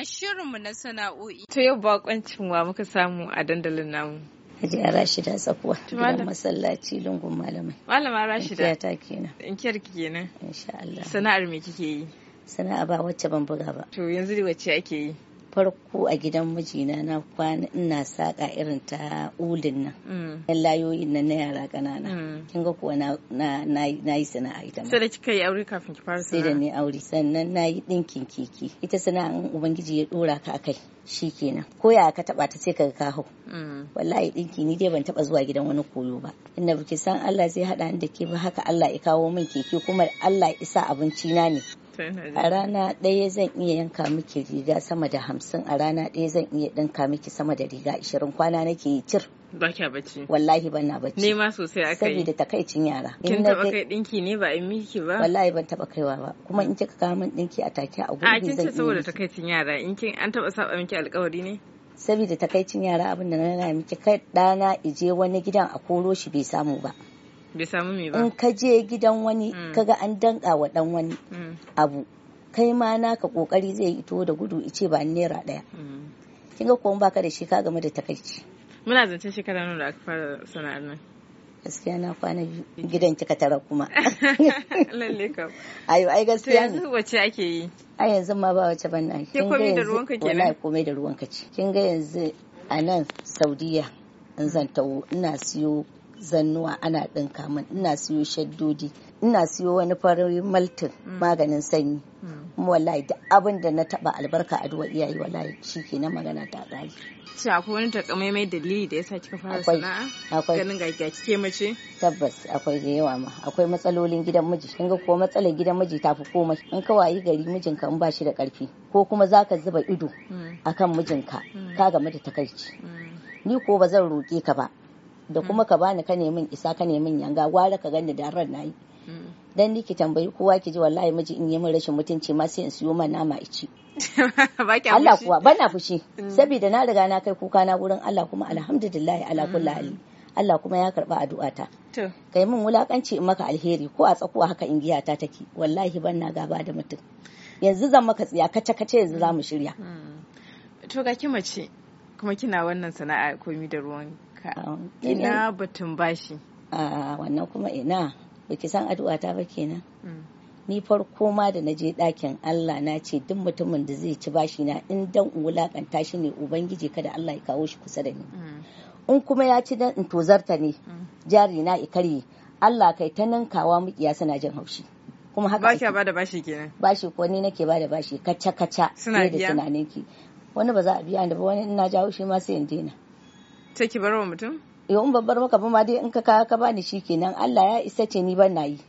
a shirinmu na sana'o'i. To yau bakoncin wa muka samu a dandalin namu. Hajiya Rashida Tsakuwa, gidan masallaci lungun malamai. Malama Rashida. ta kenan. Inkiyar ki kenan. Insha Allah. Sana'ar me kike yi? Sana'a ba wacce ban buga ba. To yanzu da wacce ake yi? farko a gidan mijina na kwana ina saka irin ta ulin nan mm. yan layoyin nan na yara ƙanana. Mm. kin ga kuwa na yi sana'a ita sai da kika yi aure kafin ki fara sana'a sai da aure sannan na yi ɗinkin keke ita sana'an ubangiji ya dora ka akai kenan. ko ya ka taba ta sai ka ga kaho mm. wallahi ɗinki ni dai ban taba zuwa gidan wani koyo ba inda baki san Allah zai haɗa ni da ke ba haka Allah ya kawo min keke kuma Allah ya isa abinci na ne a rana ɗaya zan iya yanka miki riga sama da hamsin a rana ɗaya zan iya ɗinka miki sama da riga ashirin kwana nake yi cir ba kya bacci wallahi ban na bacci nema sosai akai saboda takaicin yara kin taba kai dinki ne ba in miki ba wallahi ban taba kaiwa ba kuma in kika kawo min dinki a take a gurbi zan yi a kin ce saboda takaicin yara in kin an taba saba miki alƙawari ne saboda takaicin yara abin da na miki kai dana ije wani gidan a koro shi bai samu ba bai samu me ba in ka je gidan wani mm. kaga an danka wa dan wani mm. abu kai ma naka kokari zai ito da gudu ice ba naira daya mm. kin ga kuma baka da shi ka game da takaici muna zancen shekara nan da aka fara sana'ar nan gaskiya na kwana gidan kika tara kuma lalle kam ayo ai gaskiya to yanzu wace ake yi a yanzu ma ba wace ban nan kin ga yanzu wallahi komai da ruwanka ce kin ga yanzu a nan saudiya in zan tawo ina siyo zannuwa ana ɗinka min ina siyo shaddodi ina siyo wani farin maltin maganin sanyi wallahi da abin da na taba albarka a duwa iyaye wallahi na magana ta gari shi akwai wani takamaimai dalili da yasa kika fara sana'a akwai ganin ga kike mace tabbas akwai da yawa ma akwai matsalolin gidan miji kin ga ko matsalar gidan miji ta fi komai in ka wayi gari mijinka in ba shi da karfi ko kuma zaka zuba ido hmm. akan mijinka hmm. ka game da takarci hmm. ni ko ba zan roke ka ba da kuma ka bani ka nemin isa ka nemin yanga gwara ka gani da ran nayi dan ni ki tambayi kowa ki ji wallahi miji in yi min rashin mutunci ma sai in siyo man nama a ci. Allah kuwa bana fushi mm. saboda na riga na kai kuka na wurin Allah kuma alhamdulillah ala kulli mm. hali Allah kuma ya karba ta. to kai min wulakanci in maka alheri ko a tsakuwa haka in giya ta take wallahi banna gaba da mutum yanzu zan maka tsiya kace kace yanzu za mu shirya mm. to ga ki mace kuma kina wannan sana'a komi da ruwan ka ina batun bashi a ah, wannan kuma ina baki san addu'a ta ba kenan mm. ni farko ma da na je Allah na ce duk mutumin da zai ci bashi na in dan wulakanta shi ne ubangiji kada Allah ya kawo shi kusa da ni mm. in kuma ya ci dan in tozarta ne mm. jari na ikarye Allah kai ta ninkawa mukiya suna jin haushi kuma haka ba kya bada bashi kenan bashi ko ni nake bada bashi kacca kacca suna da tunanin ki wani ba za a biya ni ba wani ina jawo shi ma sai in daina take bar wa mutum yau in babbar maka ba ma dai in ka kawo ka bani shikenan Allah ya isa ce ni ban yi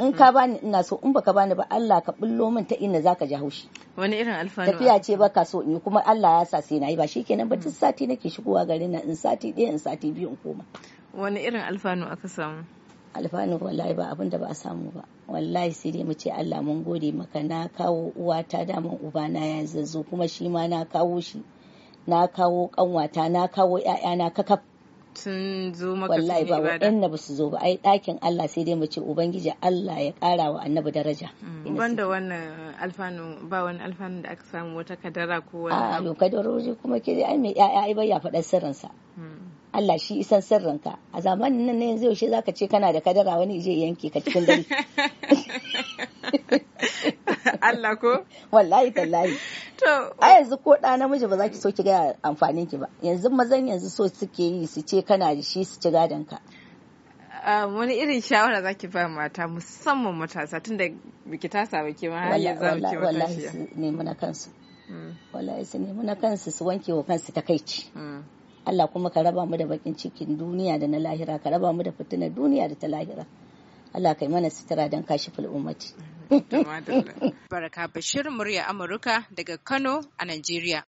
in ka bani ina so in baka bani ba Allah ka bullo min ta ina zaka ji haushi wani irin alfanu tafiya ce ka so in kuma Allah ya sa sai nayi ba shikenan ba duk sati nake shigowa garin na in sati ɗaya in sati biyu in koma wani irin alfanu aka samu alfanu wallahi ba abin da ba a samu ba wallahi sai dai mu ce Allah mun gode maka na kawo uwata daman ubana ya zazzo kuma shi ma na kawo shi na kawo kanwata na kawo ƴaƴana kakaf sun zo maka wallahi ba waɗanda ba su zo ba ai dakin Allah sai dai mu ce ubangiji Allah ya kara wa annabi daraja mm, da wannan alfanu ba wani alfanu da aka samu wata kadara ko wani abu. a da kadarori kuma ke ai mai ya'ya ai ya faɗa sirrin sa mm. Allah shi isan sirrin ka a zamanin nan ne yanzu yaushe zaka ce kana da kadara wani je yanke ka cikin dare Allah ko wallahi tallahi a yanzu ko ɗa namiji ba za ki so ki gaya amfanin ki ba yanzu mazan yanzu so suke yi su ce kana da shi su ci gadon ka um, wani irin shawara za ki ba mata musamman matasa tun da biki ta ba ke ma ya za ki wallahi su nemi na kansu hmm. wallahi su nemi na kansu su wanke wa kansu takaici hmm. Allah kuma ka raba mu da bakin cikin duniya da na lahira ka raba mu da fitinar duniya da ta lahira Allah kai mana sutura don kashi ummati Baraka Bashir murya Amurka daga Kano a Najeriya.